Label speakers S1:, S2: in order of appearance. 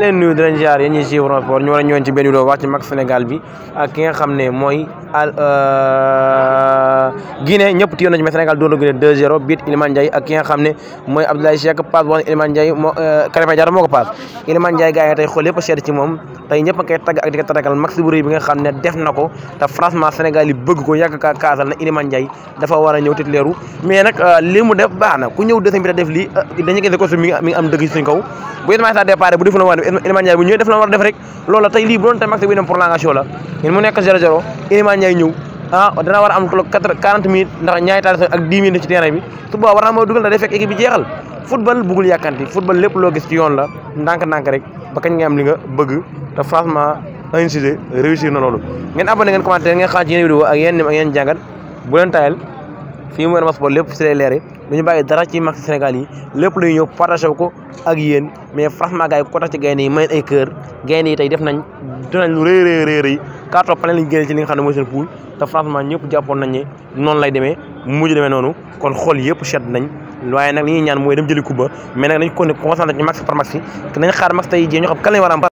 S1: leen nuyu di leen jaar yéen ñi suivre sport ñu war a ñëwoon ci benn vidéo wax ci match bi ak ki nga xam ne mooy al euh, Guinée ñëpp tiyoon Sénégal doon na Guinée biit Iliman ak ki xam ne mooy Abdoulaye Cheikh passe woon Iliman Ndiaye moo euh, Krépin Diatta tey xool yëpp a sedd ci moom tey ñëpp a nga ko te kaasal na Iliman dafa war a ñëw titulaire mais nag euh, li mu def baax na ku ñëw deuxième bi te def lii euh, dañu gis ko mi am dëgg ci suñ kaw bu Iliman Ndiaye départ bu defu la war Iliman Ndiaye bu ñëwee def la war a def rek loolu tey lii bu doon tey max bi dem prolongation la ah dana war am tolloog quatre minutes ndax ñaari tension ak dix minutes ci terrain bi su war naa moo dugal ndax day équipe bi football bugul yàkkanti football lépp loo gis ci yoon la ndànk-ndànk rek ba kañ nga am li nga bëgg te franchement insisé réussir na loolu ngeen abonné ngeen commenté ngeen xaar ci yeneen vidéo ak yeneen ak yeneen jàngat bu leen tayal fii mu sport lépp si lay leere duñu bàyyi dara ci Sénégal yi lay ñëw ko ak mais franchement ko tax ci may ay def nañ lu carton plein lañ génne ci li nga xam ne mooy seen poule te franchement ñëpp jàppoon nañ ne noonu lay demee mujj demee noonu kon xol yëpp sedd nañ waaye nag li ñuy ñaan mooy dem jëli coupe mais nag nañ ko ne concentré ci max par max yi nañ xaar max tey jii ñu xam kan lañ war a